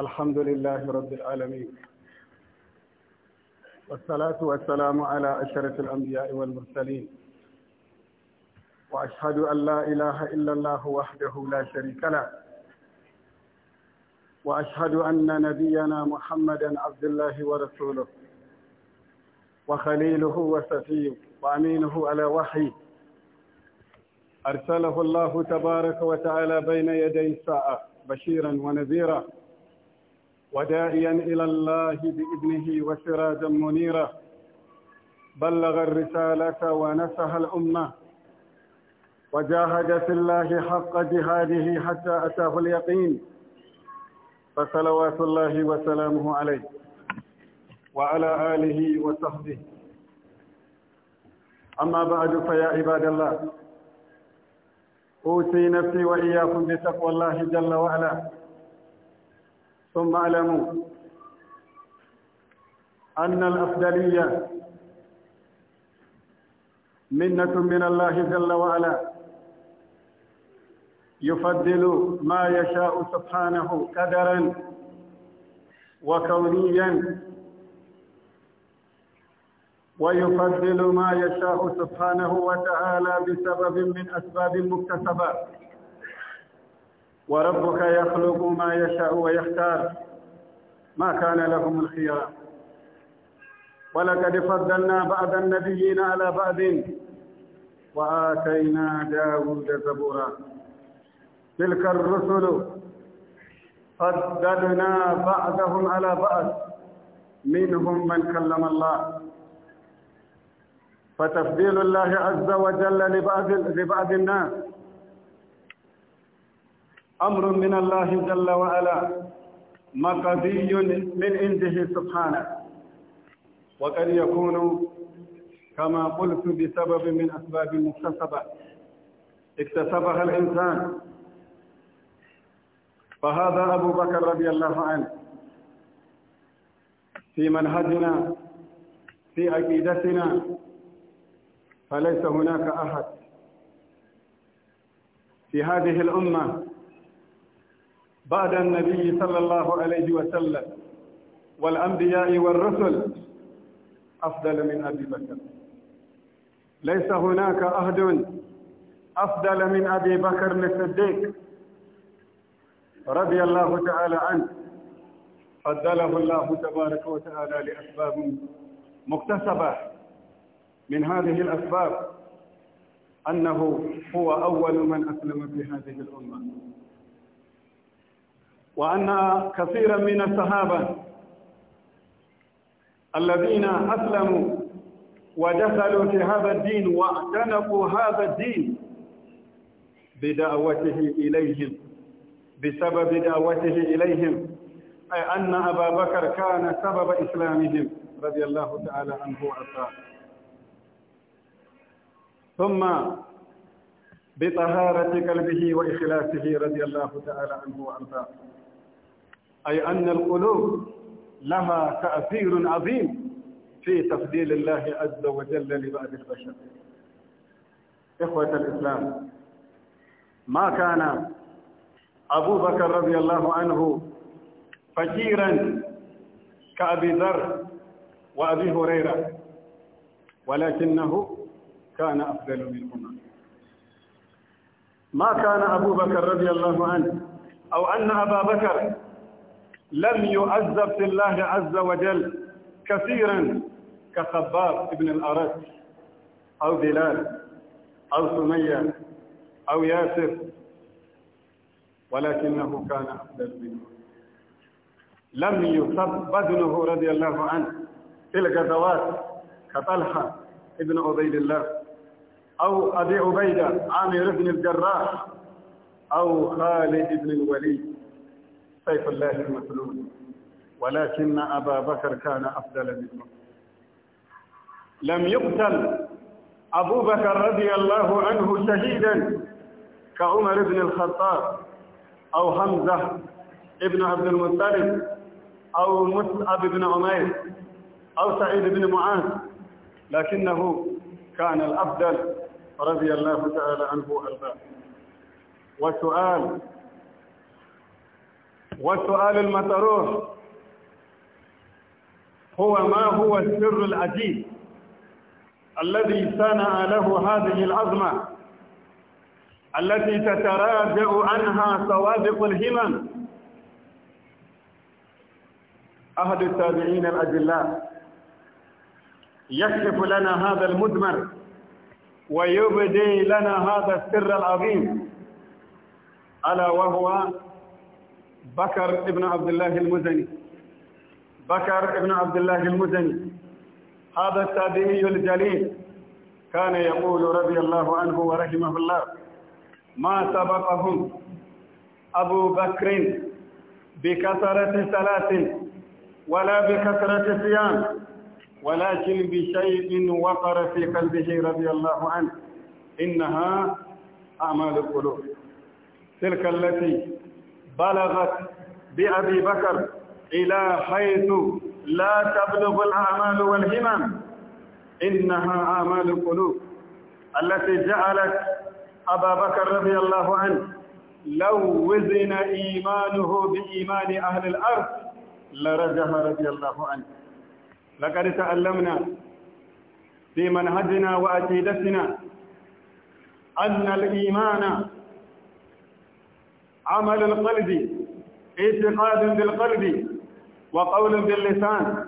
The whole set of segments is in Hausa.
الحمد لله رب العالمين والصلاة والسلام على أشرف الأنبياء والمرسلين وأشهد أن لا إله إلا الله وحده لا شريك له وأشهد أن نبينا محمدا عبد الله ورسوله وخليله وسفيه وأمينه على وحي أرسله الله تبارك وتعالى بين يدي الساعة بشيرا ونذيرا وداعيا إلى الله بإذنه وسراجا منيرا بلغ الرسالة ونسها الأمة وجاهد في الله حق جهاده حتى أتاه اليقين فصلوات الله وسلامه عليه وعلى آله وصحبه أما بعد فيا عباد الله أوصي نفسي وإياكم بتقوى الله جل وعلا ثم اعلموا أن الأفضلية منة من الله جل وعلا يفضل ما يشاء سبحانه قدرا وكونيا ويفضل ما يشاء سبحانه وتعالى بسبب من أسباب المكتسبات وربك يخلق ما يشاء ويختار ما كان لهم الخيار ولقد فضلنا بعض النبيين على بعض وآتينا داود زبورا تلك الرسل فضلنا بعضهم على بعض منهم من كلم الله فتفضيل الله عز وجل لبعض, لبعض الناس أمر من الله جل وعلا مقضي من عنده سبحانه وقد يكون كما قلت بسبب من أسباب مكتسبة اكتسبها الإنسان فهذا أبو بكر رضي الله عنه في منهجنا في عقيدتنا فليس هناك أحد في هذه الأمة بعد النبي صلى الله عليه وسلم والأنبياء والرسل أفضل من أبي بكر ليس هناك أهد أفضل من أبي بكر الصديق رضي الله تعالى عنه فضله الله تبارك وتعالى لأسباب مكتسبة من هذه الأسباب أنه هو أول من أسلم في هذه الأمة وأن كثيرا من الصحابة الذين أسلموا ودخلوا في هذا الدين واعتنقوا هذا الدين بدعوته إليهم بسبب دعوته إليهم أي أن أبا بكر كان سبب إسلامهم رضي الله تعالى عنه وعطاه ثم بطهارة قلبه وإخلاصه رضي الله تعالى عنه وعطاه أي أن القلوب لها تأثير عظيم في تفضيل الله عز وجل لبعض البشر إخوة الإسلام ما كان أبو بكر رضي الله عنه فقيرا كأبي ذر وأبي هريرة ولكنه كان أفضل منهما ما كان أبو بكر رضي الله عنه أو أن أبا بكر لم يؤذب في الله عز وجل كثيرا كخباب ابن الأرس أو بلال أو سمية أو ياسر ولكنه كان أفضل منه لم يصب بدنه رضي الله عنه في الغزوات كطلحة ابن عبيد الله أو أبي عبيدة عامر بن الجراح أو خالد بن الوليد سيف الله المسلول ولكن أبا بكر كان أفضل منه لم يقتل أبو بكر رضي الله عنه شهيدا كعمر بن الخطاب أو حمزة ابن عبد المطلب أو مصعب بن عمير أو سعيد بن معاذ لكنه كان الأفضل رضي الله تعالى عنه الباب وسؤال والسؤال المطروح هو ما هو السر العجيب الذي صنع له هذه العظمة التي تتراجع عنها سوابق الهمم أحد التابعين الأجلاء يكشف لنا هذا المدمر ويبدي لنا هذا السر العظيم ألا وهو بكر ابن عبد الله المزني بكر ابن عبد الله المزني هذا التابعي الجليل كان يقول رضي الله عنه ورحمه الله ما سبقهم أبو بكر بكثرة صلاة ولا بكثرة صيام ولكن بشيء وقر في قلبه رضي الله عنه إنها أعمال القلوب تلك التي بلغت بأبي بكر إلى حيث لا تبلغ الأعمال والهمم إنها أعمال القلوب التي جعلت أبا بكر رضي الله عنه لو وزن إيمانه بإيمان أهل الأرض لرجها رضي الله عنه لقد تعلمنا في منهجنا وأكيدتنا أن الإيمان عمل القلب اعتقاد بالقلب وقول باللسان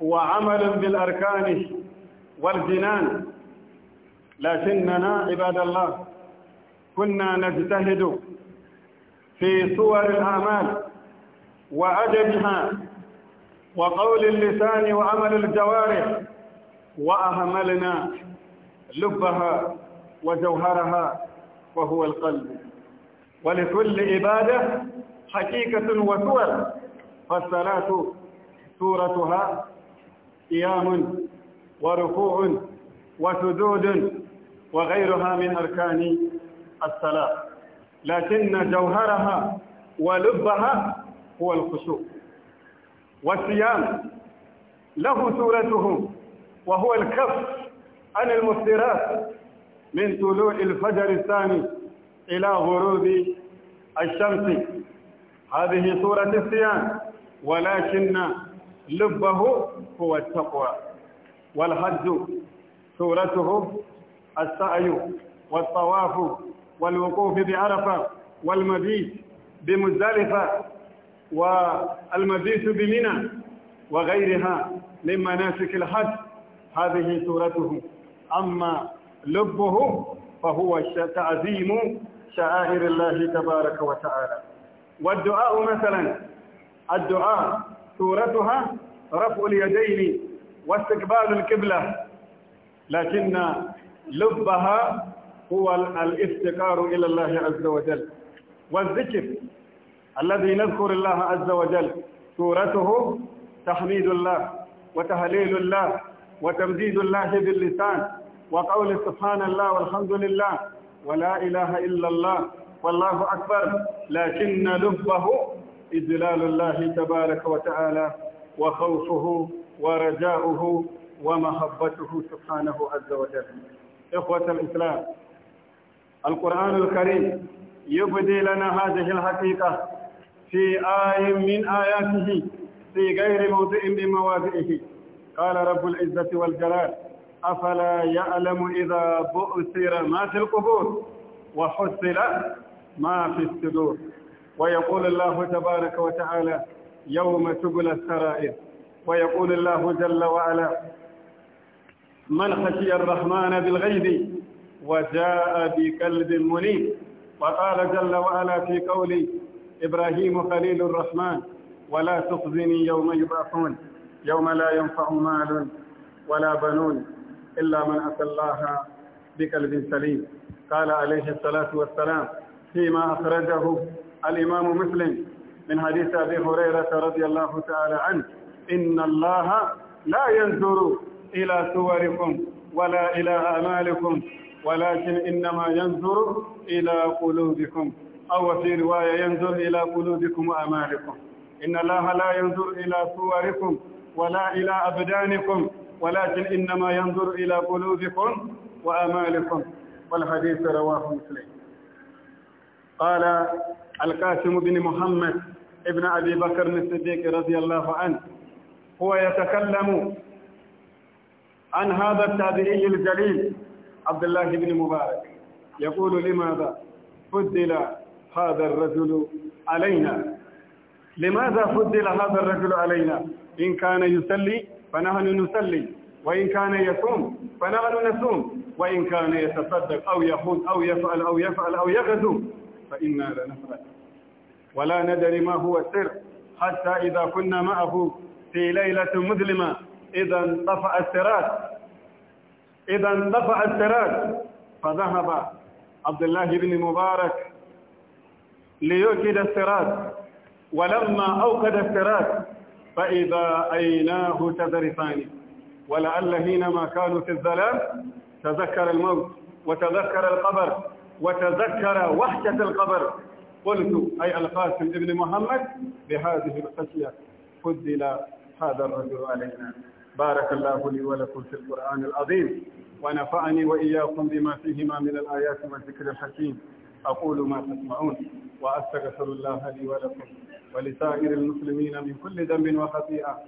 وعمل بالأركان والجنان لكننا عباد الله كنا نجتهد في صور الأعمال وعددها وقول اللسان وعمل الجوارح وأهملنا لبها وجوهرها وهو القلب ولكل عبادة حقيقة وسور فالصلاة سورتها قيام وركوع وسجود وغيرها من أركان الصلاة لكن جوهرها ولبها هو الخشوع والصيام له سورته وهو الكف عن المفترات من طلوع الفجر الثاني إلى غروب الشمس هذه سورة الصيام ولكن لبه هو التقوى والحج سورته السعي والطواف والوقوف بعرفة والمبيت بمزدلفة والمبيت بمنى وغيرها من مناسك الحج هذه سورته أما لبه فهو تعظيم شعائر الله تبارك وتعالى والدعاء مثلا الدعاء سورتها رفع اليدين واستقبال القبلة لكن لبها هو الافتقار إلى الله عز وجل والذكر الذي نذكر الله عز وجل سورته تحميد الله وتهليل الله وتمديد الله باللسان وقول سبحان الله والحمد لله ولا إله إلا الله والله أكبر لكن لبه إذلال الله تبارك وتعالى وخوفه ورجاؤه ومحبته سبحانه عز وجل إخوة الإسلام القرآن الكريم يبدي لنا هذه الحقيقة في آي من آياته في غير موضع من موادئه قال رب العزة والجلال أفلا يعلم إذا بؤثر ما في القبور وحصل ما في السدور ويقول الله تبارك وتعالى يوم تبلى السرائر ويقول الله جل وعلا من خشي الرحمن بالغيب وجاء بقلب منيب وقال جل وعلا في قولي إبراهيم خليل الرحمن ولا تخزني يوم يبعثون يوم لا ينفع مال ولا بنون إلا من أتى الله بقلب سليم قال عليه الصلاة والسلام فيما أخرجه الإمام مسلم من حديث أبي هريرة رضي الله تعالى عنه إن الله لا ينظر إلى صوركم ولا إلى أعمالكم ولكن إنما ينظر إلى قلوبكم أو في رواية ينظر إلى قلوبكم وأعمالكم إن الله لا ينظر إلى صوركم ولا إلى أبدانكم ولكن إنما ينظر إلى قلوبكم وأمالكم والحديث رواه مسلم قال القاسم بن محمد ابن أبي بكر الصديق رضي الله عنه هو يتكلم عن هذا التابعي الجليل عبد الله بن مبارك يقول لماذا فضل هذا الرجل علينا لماذا فضل هذا الرجل علينا إن كان يسلي فنحن نصلي وإن كان يصوم فنحن نصوم وإن كان يتصدق أو يخون أو يفعل أو يفعل أو يغزو فإنا لنفعل ولا ندري ما هو السر حتى إذا كنا معه في ليلة مظلمة إذا انطفأ السراج إذا انطفأ السراج فذهب عبد الله بن مبارك ليوكد السراج ولما أوقد السراج فإذا أيناه تذرفان ولعل حينما كانوا في الظلام تذكر الموت وتذكر القبر وتذكر وحشة القبر قلت أي القاسم ابن محمد بهذه الخشية فضل هذا الرجل علينا بارك الله لي ولكم في القرآن العظيم ونفعني وإياكم بما فيهما من الآيات والذكر الحكيم أقول ما تسمعون وأستغفر الله لي ولكم ولسائر المسلمين من كل ذنب وخطيئة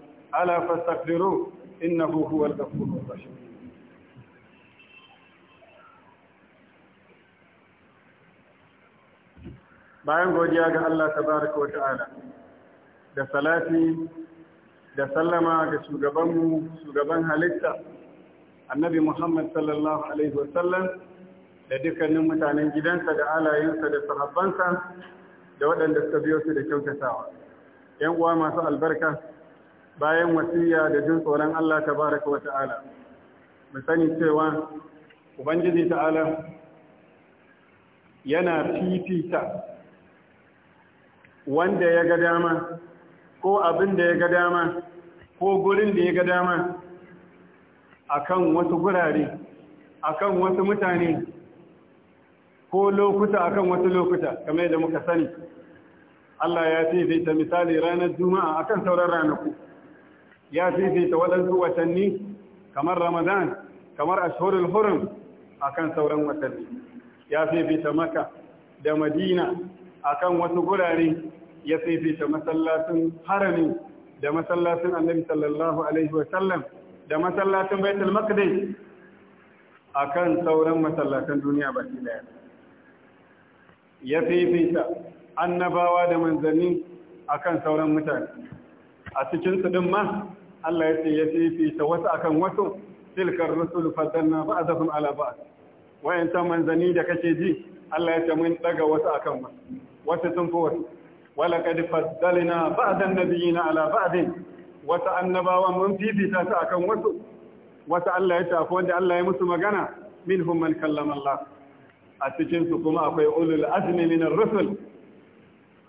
ألا فاستغفروه إنه هو الغفور الرحيم bayan godiya ga Allah tabaraka wata'ala da salati da sallama ga shugabanmu shugaban halitta annabi Muhammad sallallahu alaihi wasallam da dukkanin mutanen gidansa da alayensa da sahabbansa da waɗanda suka biyo su da kyautatawa yan uwa masu albarka bayan wasiya da jin tsoron Allah Ta baraka wa ta'ala mu sani cewa ubangiji ta'ala yana fifita wanda ya ga dama ko abin da ya ga dama ko gurin da ya ga dama a kan wasu gurare kan wasu mutane ko lokuta akan wasu lokuta kamar yadda muka sani Allah ya fifita misali ranar juma'a akan sauran ranaku ya fifita waɗansu watanni kamar ramadan kamar ashhurul hurin akan sauran watanni ya fifita maka da madina akan wasu gurare ya fifita masallacin harami da masallacin annabi sallallahu alaihi wasallam da masallacin baitul maqdis akan sauran masallatan duniya baki daya ya fifita annabawa da manzanni akan sauran mutane a cikin su din ma Allah ya ce ya fifita wasu akan wasu tilkar rusul fadanna ba'dahum ala ba'd wayantan manzanni da kake ji Allah ya ce mun daga wasu akan wasu wasu sun fi wasu kad faddalna ba'dan nabiyina ala wa wasu annabawa mun fifita su akan wasu wasu Allah ya akwai wanda Allah ya musu magana minhum man kallama Allah a cikin su kuma akwai ulul azmi min ar-rusul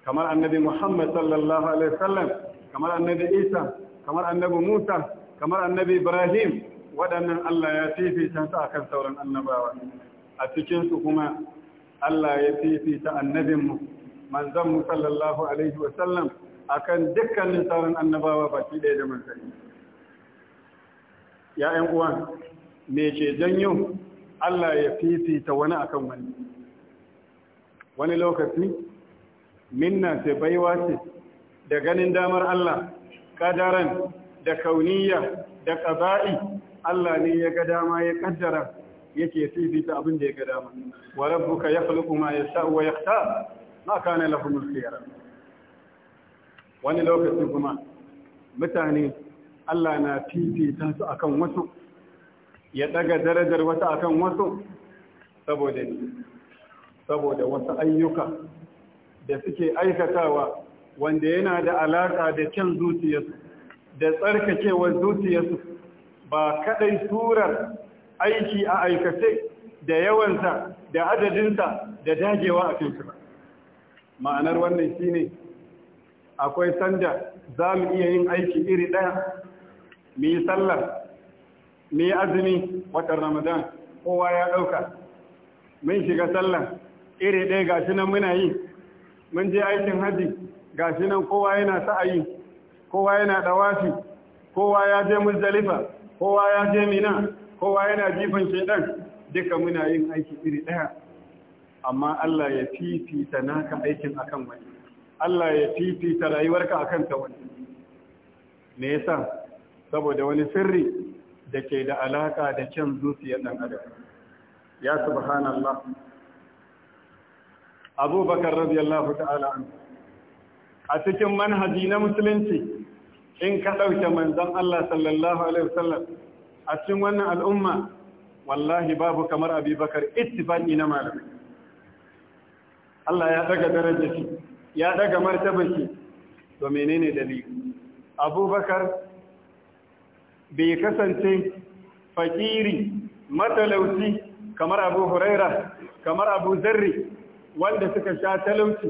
kamar annabi Muhammad sallallahu alaihi wasallam kamar annabi Isa kamar annabi Musa kamar annabi Ibrahim waɗannan Allah ya fifita su akan sauran annabawa a cikin su kuma Allah ya fifita annabin mu manzon mu sallallahu alaihi wasallam akan dukkanin sauran annabawa baki ɗaya da manzanni ya'yan uwan me ce janyo Allah ya fifita wani akan wani wani lokaci minna ce baiwa ce da ganin damar Allah kadaran da kauniya da ƙaba'i. Allah ne ya ga dama ya kaddara yake fifita abin da ya ga dama wa rabbuka yakhluqu ma yasha'u wa yakhtar ma kana lahum al-khiyara wani lokaci kuma mutane Allah na fifita su akan wasu ya daga darajar wasu akan wasu saboda saboda wasu ayyuka da suke aikatawa wanda yana da alaka da kyan zuciyarsu da tsarkakewar zuciyarsu ba kadai turar aiki a aikace da yawansa da adadinsa da dagewa a kansu ba ma'anar wannan shine akwai sanda za mu iya yin aiki iri ɗaya mu yi sallar mai azumi watan ramadan kowa ya ɗauka mun shiga sallah iri ɗaya ga shi nan muna yi mun je aikin haji ga shi nan kowa yana sa'ayi kowa yana ɗawafi kowa ya je muzdalifa kowa ya je mina kowa yana jifan shaidan duka muna yin aiki iri ɗaya amma Allah ya fifita naka aikin akan wani Allah ya fifita rayuwarka akan ta wani me yasa saboda wani sirri da ke da alaka da kyan zuciyar ɗan adam ya subhanallah abubakar radiyallahu ta'ala an a cikin manhaji na musulunci in ka ɗauke manzan Allah sallallahu alaihi wasallam a cikin wannan al'umma wallahi babu kamar abubakar ittifaqi na malamai Allah ya daga darajar shi ya daga martabar shi to menene dalili abubakar bai kasance fakiri matalauci kamar abu huraira kamar abu zarri wanda suka sha talauci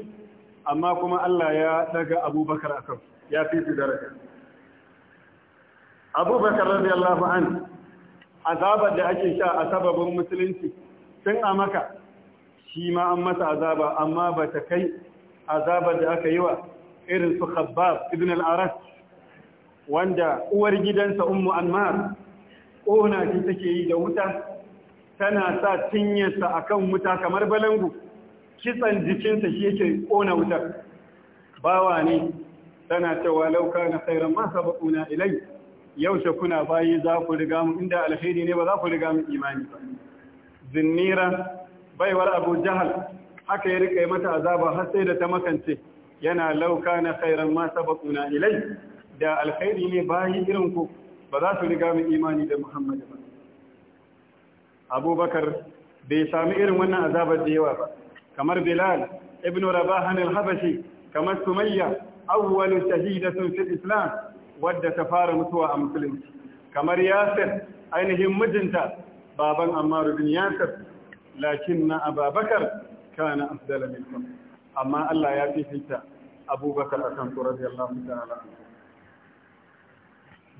amma kuma Allah ya daga abubakar a kan ya fi su daraja abubakar radiyallahu an azabar da ake sha a sababin musulunci sun a maka shi ma an masa azaba amma ba ta kai azabar da aka yi wa irin su khabbab ibn al-arash wanda uwar gidansa ummu anmar ƙona shi take yi da wuta tana sa a kan wuta kamar balangu kitsan jikinsa shi yake ƙona wuta. bawa ne tana cewa lauka na khairan ma sabaquna ilai yaushe kuna bayi za ku riga mu inda alheri ne ba za ku riga mu imani ba zinnira baiwar abu jahal haka ya rika mata azaba har sai da ta makance yana lauka na khairan ma sabaquna ilai da alkhairi ne bayi irin ku ba za su riga mu imani da Muhammad ba Abubakar bai sami irin wannan azabar da yawa ba kamar Bilal ibn Rabah al-Habashi kamar Sumayya awwal shahida fil Islam wadda ta fara mutuwa a musulunci kamar Yasir ainihin mijinta baban Ammar bin Yasir lakinna Abubakar kana afdala minkum amma Allah ya fifita Abubakar akan radiyallahu ta'ala anhu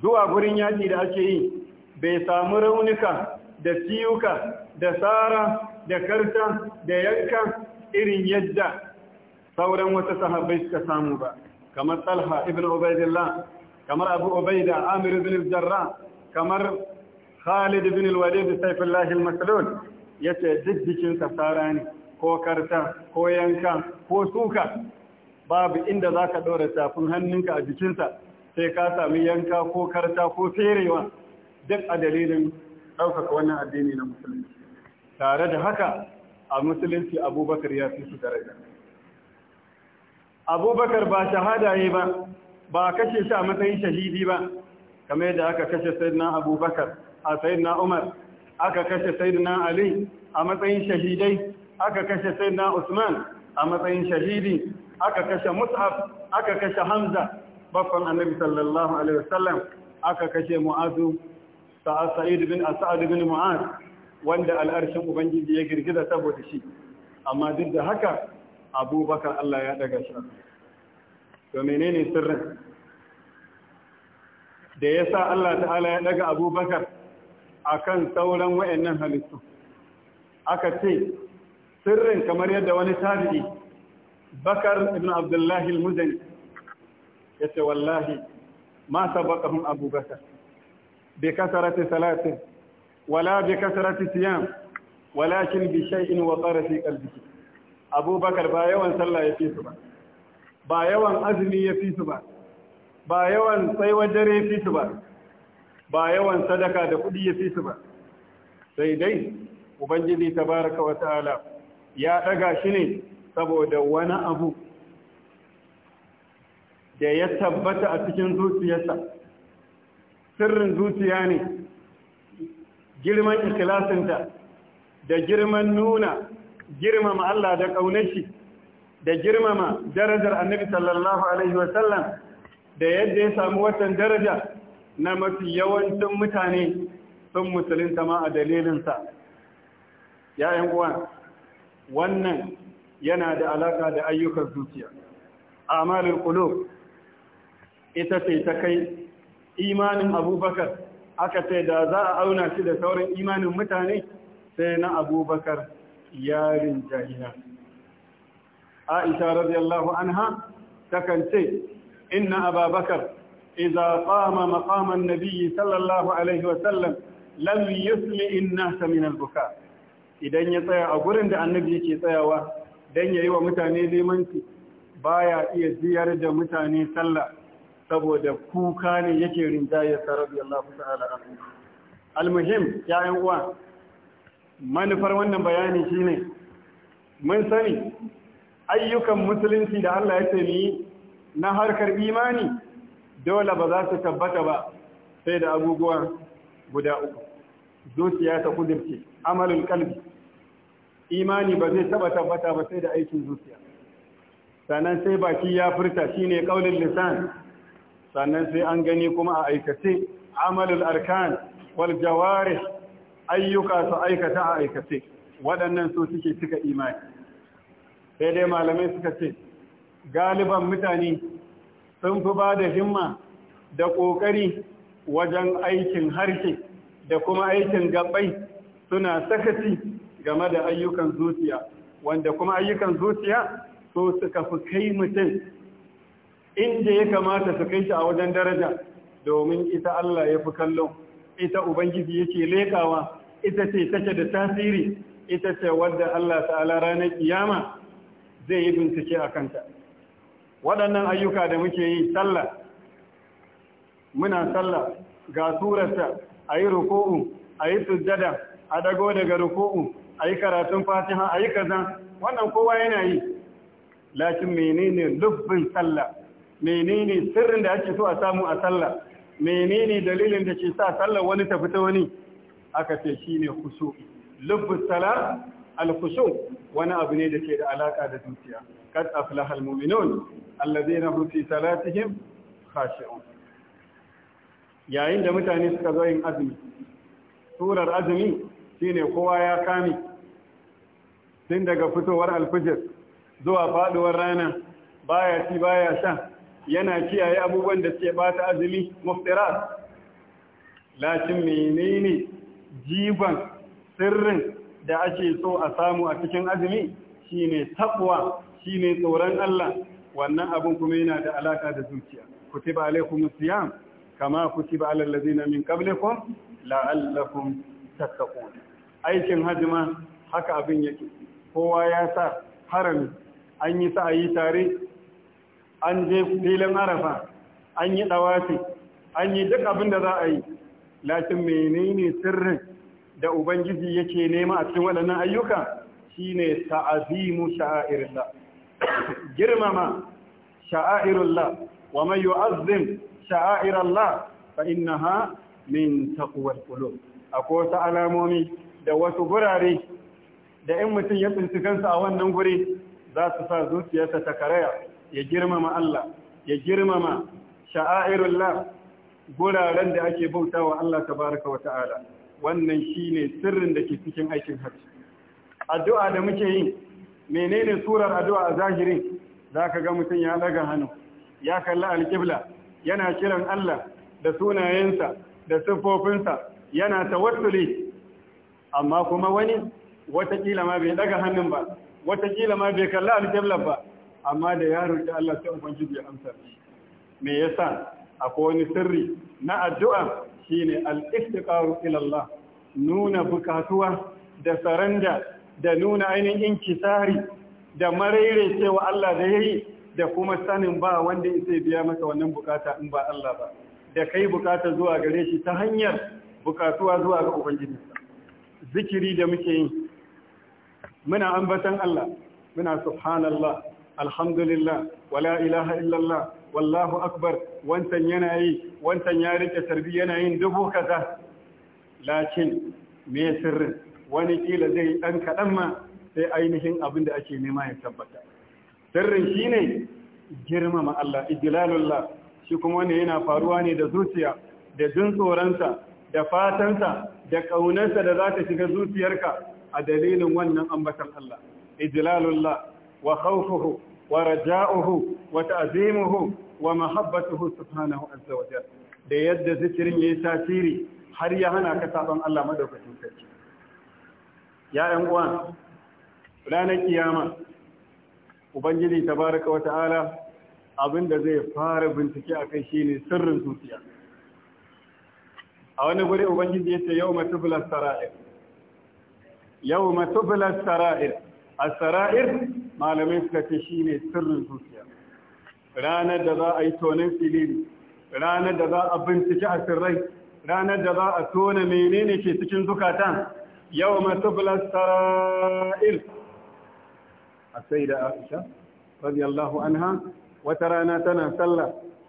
zuwa gurin yaƙi da ake yi bai samu raunuka da siyuka da tsara da karta da yanka irin yadda sauran wata sahabbai suka samu ba kamar talha ibn ubaidillah kamar abu ubaida amir ibn jarra kamar khalid ibn walid sayfullah al-maslul yace duk jikin tsara ne ko karta ko yanka ko suka babu inda zaka dora tafin hannunka a jikinsa sai ka sami yanka ko karta ko ferewa duk a dalilin ɗaukaka wannan addini na musulunci tare da haka a musulunci abubakar ya fi su daraja abubakar ba shahada yi ba ba kashe shi a matsayin shahidi ba kamar da aka kashe sayyidina abubakar a sayyidina umar aka kashe sayyidina ali a matsayin shahidai aka kashe sayyidina usman a matsayin shahidi aka kashe mus'ab aka kashe hamza baffan annabi sallallahu alaihi wasallam aka kashe mu'azu sa'id bin as'ad bin mu'az wanda al'arshin ubangiji ya girgiza saboda shi amma duk da haka abubakar Allah ya daga shi to menene sirrin da yasa Allah ta'ala ya daga abubakar akan sauran wayannan halittu aka ce sirrin kamar yadda wani tabi'i bakar ibn abdullahi al-muzani Ya ce wallahi ma sabaqahum Abubakar. Bakar bi ta salatin wala bi kasrati siyam walakin bi shay'in tsara fi qalbihi abubakar ba yawan sallah ya fi su ba ba yawan azumi ya fi su ba ba yawan tsaiwar dare fi su ba ba yawan sadaka da kudi fi su ba sai dai ubangiji tabaraka wa ta'ala ya daga shi ne saboda wani abu da ya tabbata a cikin zuciyarsa sirrin zuciya ne girman ikilasinta da girman nuna girmama Allah da ƙaunashi da girmama darajar annabi sallallahu alaihi wasallam da yadda ya sami watan daraja na mafi yawancin mutane sun musulunta ma a dalilinsa ya'yan uwa wannan yana da alaka da ayyukan zuciya amalul qulub ita ce ta kai imanin abubakar aka ce da za a auna shi da sauran imanin mutane sai na abubakar yarin jahila aisha radiyallahu ta takan ce inna ababakar iza ma makaman nabiyyi sallallahu alaihi wa sallam lam yusli an-nas min buka idan ya tsaya a gurin da annabi yake tsayawa dan yayi wa mutane limanci ya iya ziyar da mutane sallah saboda kuka ne yake rinjaye sa radiyallahu ta'ala anhu almuhim ya uwa manufar wannan bayani shine mun sani ayyukan musulunci da Allah ya ce ni na harkar imani dole ba za su tabbata ba sai da abubuwa guda uku zuciya ta kudirce amalin kalbi imani ba zai taba tabbata ba sai da aikin zuciya sannan sai baki ya furta shine kaulin lisan sannan sai an gani kuma a aikace amalul arkan wal jawarih ayyuka su aikata a aikace waɗannan su suke cika imani sai dai malamai suka ce galiban mutane sun fi ba da himma da ƙoƙari wajen aikin harshe da kuma aikin gaɓai suna sakaci game da ayyukan zuciya wanda kuma ayyukan zuciya su suka fi kai mutum inda ya kamata su kai shi a wajen daraja domin ita Allah ya fi kallo ita ubangiji yake lekawa ita ce take da tasiri ita ce wadda Allah ta'ala ranar kiyama zai yi bincike a kanta waɗannan ayyuka da muke yi sallah muna sallah ga surarta a yi ruku'u a yi sujjada a dago daga ruku'u a yi karatun fatiha a yi kaza wannan kowa yana yi lakin menene lubbin sallah menene sirrin da ake so a samu a sallah menene dalilin da ke sa sallar wani ta fita wani aka ce shine khushu lubbus sala al khushu wani abu ne da ke da alaka da zuciya kad aflaha al mu'minun alladhina hum fi salatihim khashi'un yayin da mutane suka zo yin azumi surar azumi shine kowa ya kame tun daga fitowar alfijir zuwa faduwar rana baya ci baya sha yana kiyaye abubuwan da suke bata azumi muftirat lakin menene jiban sirrin da ake so a samu a cikin azumi shine taqwa shine tsoron Allah wannan abun kuma yana da alaka da zuciya kutiba alaykum siyam kama kutiba alal ladina min qablikum la'allakum tattaqun aikin hajima haka abin yake kowa ya sa harami an yi sa'ayi tare an je filin arafa an yi dawafi an yi duk abin da za a yi lakin menene sirrin da ubangiji yake nema a cikin waɗannan ayyuka shine ta'azimu sha'airullah girmama sha'airullah wa man yu'azzim sha'airallah fa innaha min taqwal qulub akwai wasu alamomi da wasu gurare da in mutum ya tsinci kansa a wannan guri za su sa zuciyarsa ta karaya ya girmama Allah ya girmama sha'airullah guraren da ake wa Allah ta tabaraka wata'ala wannan shine sirrin da ke cikin aikin hajji addu'a da muke yi menene surar addu'a a zahirin zaka ga mutum ya daga hannu ya kalli alqibla yana kiran Allah da sunayensa da siffofinsa yana tawassuli amma kuma wani watakila ma bai daga hannun ba watakila ma bai kalli alqibla ba amma da ya roƙi Allah sai ubangiji ya amsa me yasa akwai wani sirri na addu'a shine al-iftiqaru ila nuna bukatuwa da saranda da nuna ainihin inkisari da marere cewa Allah da yayi da kuma sanin ba wanda yake biya masa wannan bukata in ba Allah ba da kai bukata zuwa gare shi ta hanyar bukatuwa zuwa ga ubangiji zikiri da muke yi muna ambatan Allah muna subhanallah alhamdulillah wala ilaha illallah wallahu akbar wancan yanayi, wancan ya rike tarbi yana yin dubu kaza lakin me sirrin wani kila zai dan kadan ma sai ainihin abin da ake nema ya tabbata sirrin shine girmama Allah ijlalullah shi kuma wanda yana faruwa ne da zuciya da jin tsoronsa da fatansa da ƙaunarsa da za ta shiga zuciyarka a dalilin wannan ambatan Allah ijlalullah wa khawfuhu ورجاؤه وتعظيمه ومحبته سبحانه عز وجل da yadda zikirin yayi tasiri har ya hana ka sabon Allah madaukakin sarki ya ɗan uwa ranar kiyama ubangiji tabaraka wata'ala abinda zai fara bincike akai shine sirrin zuciya a wani guri ubangiji yace yawma tubla sara'ir yawma tubla sara'ir asra'ir malamai suka ce shi ne sirrin zuciya ranar da za a yi tonin filin ranar da za a bincike sirrai ranar da za a tona menene ke cikin zukatan yau masu sara'il a sai da aisha Allahu anha wata rana tana sallah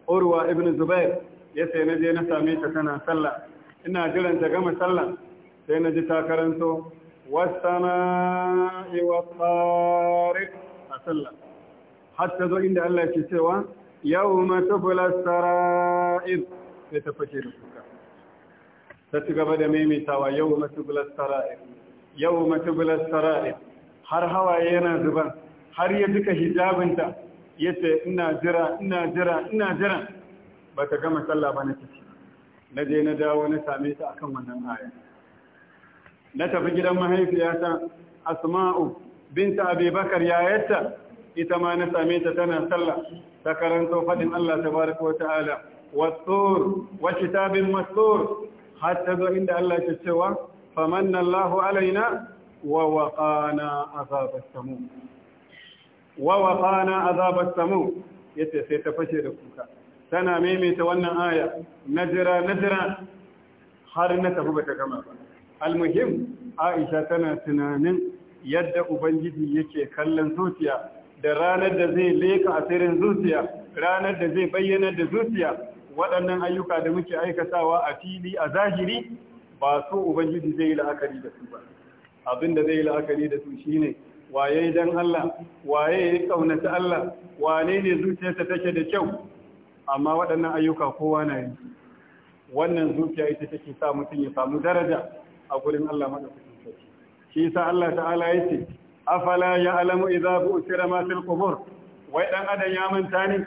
urwa ibn zubair ya sai na je na same ta tana sallah ina jiran ta gama sallah sai na ji ta karanto والسماء والطارق أسلم حتى ذو إن الله كسوى يوم تبلى السرائر يتفكر فكا تتقبى دميمي سوى يوم تبلى السرائر يوم تبلى السرائر har hawayena zuban har ya duka hijabinta ya ce ina jira ina jira ina jira ba ta gama sallah ba na ciki na je na dawo na same ta akan wannan aya na tafi gidan mahaifiyata asma'u binta abi bakar yayarta ita ma na same ta tana sallah ta karanto fadin Allah tabaraka wa ta'ala wasur wa kitabin masur hatta zo inda Allah ya cewa famanna Allahu alaina wa waqana azab as-samum wa waqana azab as-samum yace sai ta fashe da kuka tana maimaita wannan aya najira najira har na tafi bata gama ba almuhim aisha tana tunanin yadda ubangiji yake kallon zuciya da ranar da zai leka asirin zuciya ranar da zai bayyana da zuciya waɗannan ayyuka da muke aikatawa a fili a zahiri ba su ubangiji zai yi la'akari da su ba abin da zai yi la'akari da su shine waye dan Allah waye ya kaunaci Allah wane ne zuciyarsa take da kyau amma waɗannan ayyuka kowa na yi wannan zuciya ita take sa mutum ya samu daraja a gurin Allah madaukakin sarki shi yasa Allah ta'ala yace afala alamu idza bu'thira usira masu qubur wai dan adam ya manta ne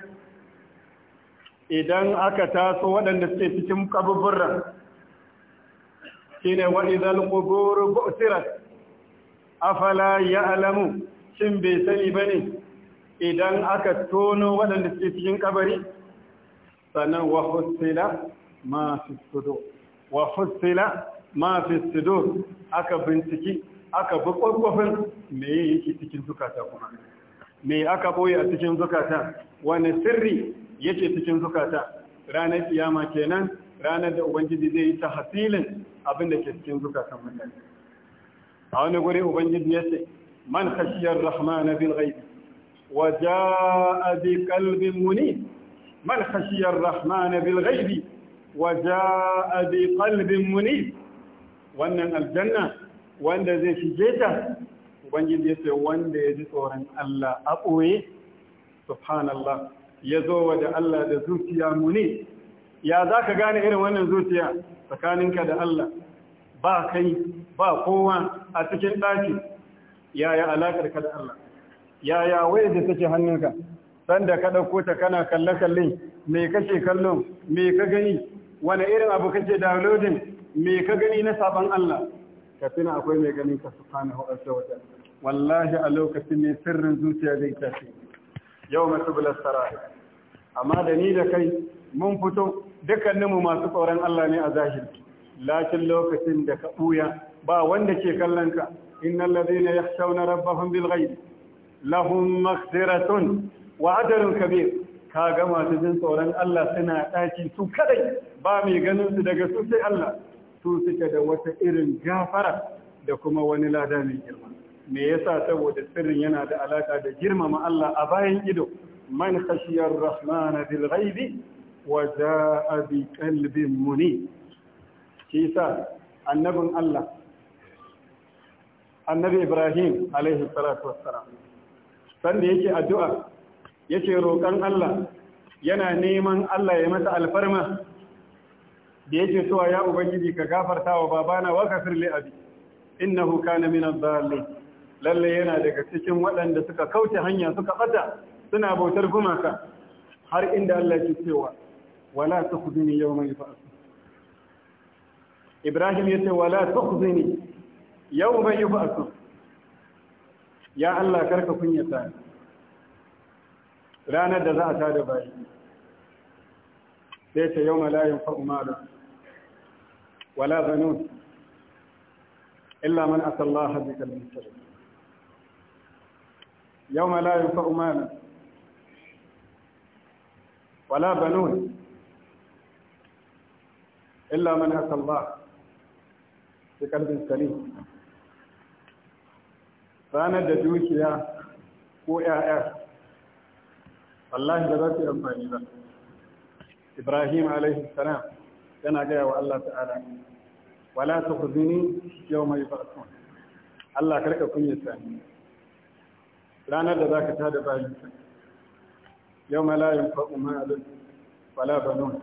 idan aka taso waɗanda suke cikin kaburburan shine wa idza al qubur bu'thirat afala alamu, shin bai sani ba ne idan aka tono waɗanda suke cikin kabari sannan wa husila ma fi wa husila ma fi sidur aka binciki aka bi kwakwafin me yake cikin zukata kuma me aka boye a cikin zukata wani sirri yake cikin zukata ranar kiyama kenan ranar da ubangiji zai yi ta hasilin abin da ke cikin zukatan mutane a wani guri ubangiji ya ce man khashiyar rahman bil ghaib wa jaa bi qalbin munib man khashiyar rahman bil ghaib wa jaa bi qalbin munib wannan aljanna wanda zai shige ta ubangiji ya ce wanda ya ji tsoron Allah a ɓoye subhanallah ya zo wa da Allah da zuciya muni ya za ka gane irin wannan zuciya tsakaninka da Allah ba kai ba kowa a cikin ɗaki yaya alaƙarka da Allah yaya waye da take hannunka sanda ka ɗauko ta kana kalle-kallen me kake kallon me ka gani wani irin abu kake downloading me ka gani na sabon Allah ka tuna akwai mai ganin ka subhanahu wa ta'ala wallahi a lokacin ne sirrin zuciya zai tafi yau masu bulas amma da ni da kai mun fito dukkaninmu masu tsoron Allah ne a zahiri lakin lokacin da ka buya ba wanda ke kallon ka innal ladina yakhshawna rabbahum bil ghaib lahum maghfiratun wa ajrun kabir kaga masu jin tsoron Allah suna daki su kadai ba mai ganin su daga su sai Allah su suke da wata irin gafara da kuma wani lada mai girma me yasa saboda sirrin yana da alaka da girmama Allah a bayan ido man khashiyar rahmana bil ghaibi wa jaa bi qalbin munib shi yasa annabin Allah annabi Ibrahim alaihi salatu wassalam sanda yake addu'a yake roƙon Allah yana neman Allah ya masa alfarma da yake cewa ya ubangiji ka gafarta wa babana wa kafir li abi innahu kana min adh-dhalin lalle yana daga cikin waɗanda suka kauce hanya suka bata suna bautar gumaka har inda Allah ke cewa wala tukhzini yawma yub'ath Ibrahim ya ce wala tukhzini yawma yub'ath ya Allah karka kunyata ranar da za a tada bayi sai ta yau malayin fa'umaru ولا بنون إلا من أتى الله بقلب سليم يوم لا ينفع مال ولا بنون إلا من أتى الله بقلب سليم ranar da dukiya ko ‘ya'ya, Allah da za su amfani ba. Ibrahim alaihi salam yana gaya wa Allah ta'ala wala tukhzini yawma yub'athun Allah karka kunyata ni ranar da zaka tada bayi yawma la yanfa'u malun wala banun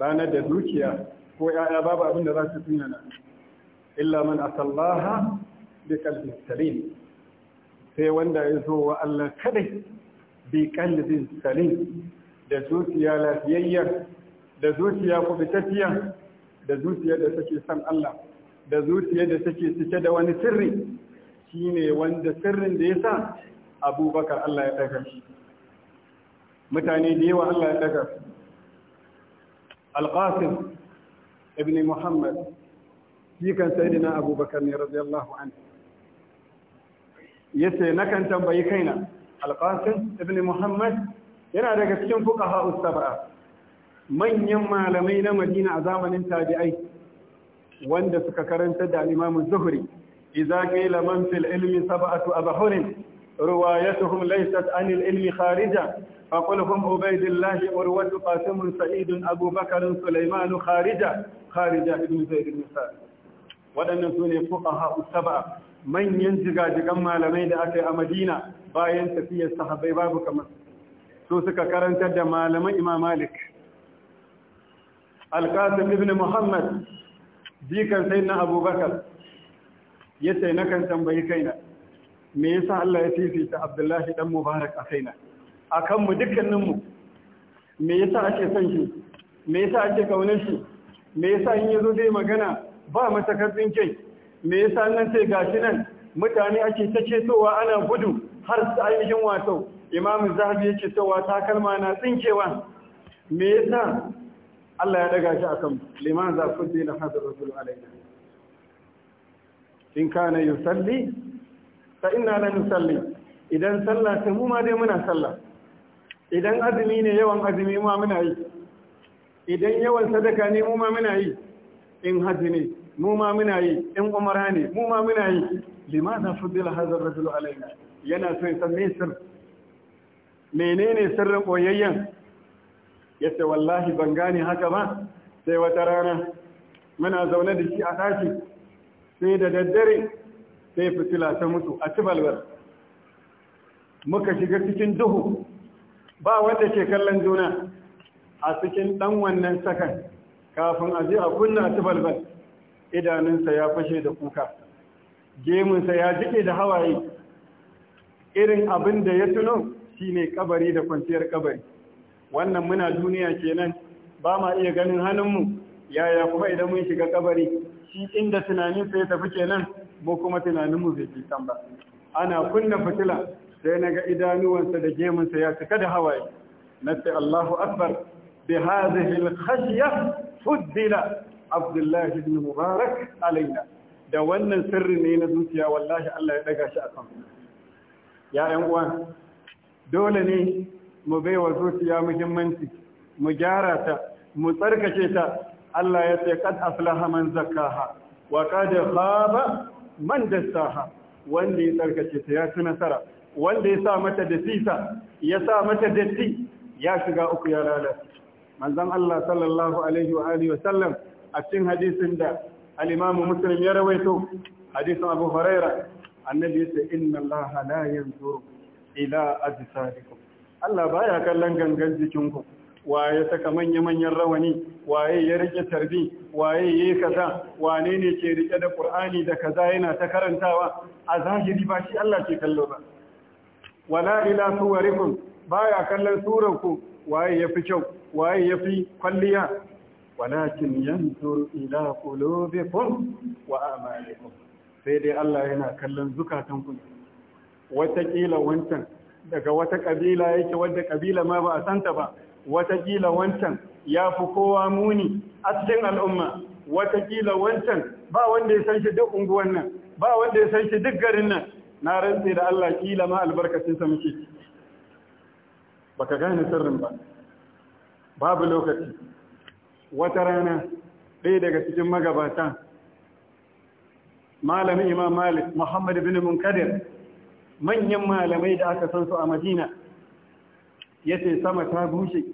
ranar da dukiya ko yaya babu abin da za su tunyana illa man atallaha bi qalbin salim sai wanda ya zo wa Allah kadai bi qalbin salim da zuciya lafiyayyar da zuciya ku bi tafiya, da zuciya da take son Allah da zuciya da take cike da wani sirri shine wanda sirrin da ya sa abubakar Allah ya daga shi mutane da yawa Allah ya daga Al-Qasim ibn muhammad shi kan sayyidina abubakar ne radiyallahu anhu yace nakan tambayi kaina Al-Qasim ibn muhammad yana daga cikin fuqaha us-sab'a manyan malamai na madina a zamanin tabi'ai wanda suka karanta da al'imamun zuhuri iza qila man fil ilmi sab'atu abhurin riwayatuhum laysat anil ilmi kharija فقل هم عبيد الله عروة قاسم سعيد أبو بكر سليمان خارجة fuqaha saba'a manyan jigajigan malamai da aka yi a Madina bayan tafiyar sahabbai babu kamar su suka karantar da malaman Imam Malik alƙasar ibn muhammad jikan sai na abubakar ya ce na kan tambayi kaina me yasa Allah ya fifita abdullahi dan mubarak a kaina a kanmu dukkaninmu me yasa ake son shi me yasa ake kaunar shi me yasa in yazo zai magana ba matakatsin kai me yasa nan sai gashi nan mutane ake ta cetowa ana gudu har su ainihin wato imamu zahabi yake cewa takalma na tsinkewa me yasa Allah ya daga shi akan liman za ku dina hadar rasul alaina in kana yusalli fa inna la nusalli idan sallah sai mu ma dai muna sallah idan azumi ne yawan azumi ma muna yi idan yawan sadaka ne mu ma muna yi in haji ne mu ma muna yi in umara ne mu ma muna yi limaza fudila hadar rasul alaina yana so ya san me sir menene sirrin koyayyen? Yace wallahi ban gane haka ba sai wata rana muna zaune da shi a ɗaki sai da daddare sai fitila ta mutu a cibalbar muka shiga cikin duhu ba wanda ke kallon juna a cikin ɗan wannan sakan kafin a je a kunna cibalbar idanunsa ya fashe da kuka gemunsa ya jike da hawaye irin abin da ya tuno shine kabari da kwanciyar kabari wannan muna duniya kenan ba ma iya ganin hannunmu yaya kuma idan mun shiga kabari shi inda tunanin sai tafi kenan mu kuma tunaninmu bai fi san ba ana kunna fitila sai naga ga idanuwansa da gemunsa ya cika da hawaye na ce Allahu akbar bi hadhihi al-khashya fuddila Abdullah ibn Mubarak alaina da wannan sirri ne na zuciya wallahi Allah ya daga shi a kan ya ƴan uwa dole ne mu bai wa zuciya muhimmanci mu gyara ta mu tsarkake ta Allah ya ce kad aflaha man zakkaha wa kad khaba man dassaha wanda ya tsarkake ta ya ci nasara wanda ya sa mata da sisa ya sa mata datti ya shiga uku ya lalace manzon Allah sallallahu alaihi wa alihi wa sallam a cikin hadisin da al-Imam Muslim ya rawaito hadisin Abu Huraira annabi yace inna Allah la yanzuru ila ajsadikum Allah baya kallon gangan jikinku waye saka manya-manyan rawani waye ya rike tarbi waye ya yi kaza wane ne ke rike da ƙur'ani da kaza yana ta karantawa a zahiri ba shi Allah ke kallo ba wala ila suwarikum baya kallon suranku waye ya fi kyau waye ya fi kwalliya walakin yanzur ila wa amalikum sai dai Allah yana kallon zukatanku wataƙila wancan daga wata kabila yake wadda kabila ma ba a santa ba watakila wancan ya fi kowa muni a cikin al'umma watakila wancan ba wanda ya san shi duk unguwan nan ba wanda ya san shi duk garin nan na rantse da Allah kila ma albarkacin sa muke baka gane sirrin ba babu lokaci wata rana ɗaya daga cikin magabata malamin imam malik muhammad bin munkadir manyan malamai da aka san su a madina ya ce sama ta bushe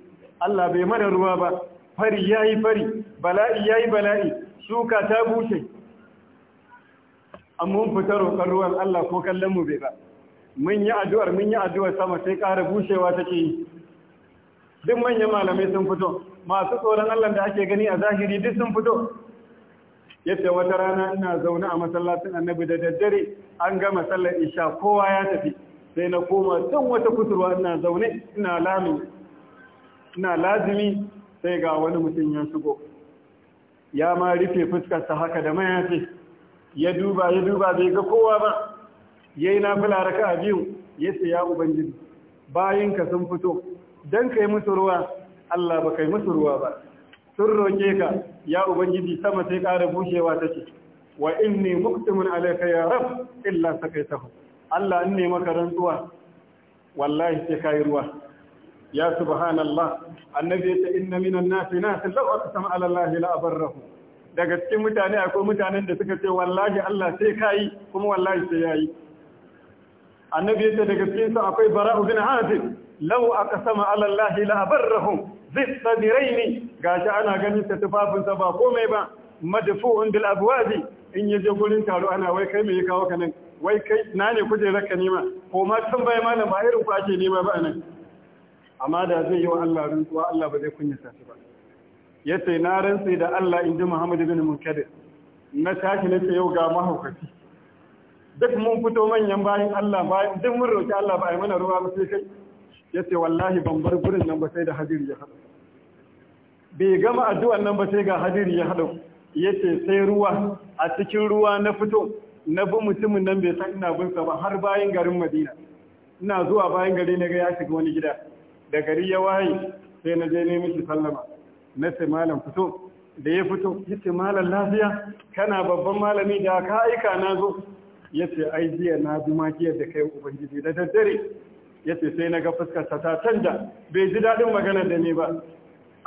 allah bai mana ruwa ba fari ya yi fari bala'i ya yi bala'i shuka ta bushe amma mun fita roƙar ruwan allah ko kallon mu bai ba mun yi addu'ar mun yi addu'ar sama sai ƙara bushewa take yi duk manyan malamai sun fito masu tsoron allah da ake gani a zahiri duk sun fito yace wata rana ina zaune a masallacin annabi da daddare an gama sallar isha kowa ya tafi sai na koma can wata kusurwa ina zaune ina lami ina lazimi sai ga wani mutum ya shigo ya ma rufe fuskarsa haka da mayafi ya duba ya duba bai ga kowa ba yayi nafila raka'a biyu yace ya ubangiji bayinka sun fito dan kai musu ruwa Allah ba kai musu ruwa ba sun roƙe ka ya ubangiji sama sai ƙara bushewa ta ce wa inni muqtimun alayka ya rab illa sakaitahu Allah in ne maka rantsuwa wallahi sai kai ruwa ya subhanallah annabi yace inna minan nasi nasin law aqsama ala Allah la abarrahu daga cikin mutane akwai mutanen da suka ce wallahi Allah sai kai kuma wallahi sai yayi annabi ta daga cikin su akwai bara'u bin hazim law aqsama ala Allah la abarrahu zittadirai Ga gashi ana ganin ta tufafinsa ba komai ba madfu'un bil abwabi in yaje gurin taro ana wai kai me ya kawo ka nan wai kai na ne kuje raka nima ko ma tun bai malam ba irin ku ake nema ba nan amma da zai yi wa Allah rantsuwa Allah ba zai kunyata ta ba yace na rantsi da Allah inji Muhammad ibn Munkadir na tashi nace yau ga mahaukaci duk mun fito manyan bayan Allah bayan duk mun roki Allah ba ai mana ruwa ba sai kai ya ce wallahi ban bar gurin nan ba sai da hadiri ya haɗu bai gama addu'an nan ba sai ga hadiri ya haɗu ya ce sai ruwa a cikin ruwa na fito na bi mutumin nan bai san ina binsa ba har bayan garin madina ina zuwa bayan gari na ga ya shiga wani gida da gari ya waye sai na je nemi shi sallama na ce malam fito da ya fito ya ce malam lafiya kana babban malami da ka aika na zo ya ce ai jiya na bi makiyar da kai ubangiji da daddare ya ce sai na ga fuskarsa ta canja bai ji daɗin maganar da ne ba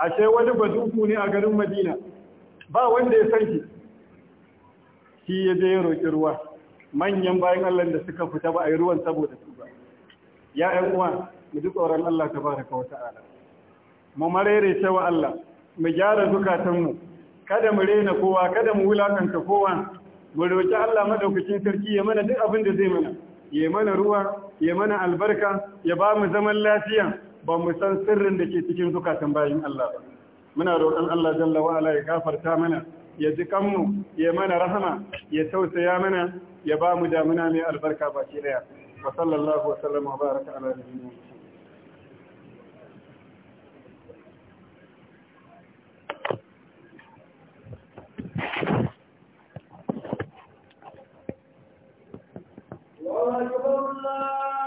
ashe wani bazuku ne a garin madina ba wanda ya san shi shi ya je ya roƙi ruwa manyan bayan allah da suka fita ba a yi ruwan saboda su ba ya uwa mu ji tsoron allah ta ba da wa ta'ala mu marere cewa allah mu gyara zukatanmu kada mu rena kowa kada mu wulakanta kowa mu roƙi allah maɗaukacin sarki ya mana duk abin da zai mana ya mana ruwa ya mana albarka ya ba mu zaman lafiya ba mu san sirrin da ke cikin zukatan bayin Allah ba muna roƙon Allah jalla wa ala ya gafarta mana ya ji kanmu ya mana rahama ya tausaya mana ya ba mu damuna mai albarka baki daya wa sallallahu wa sallam wa baraka ala nabiyyina الله أكبر الله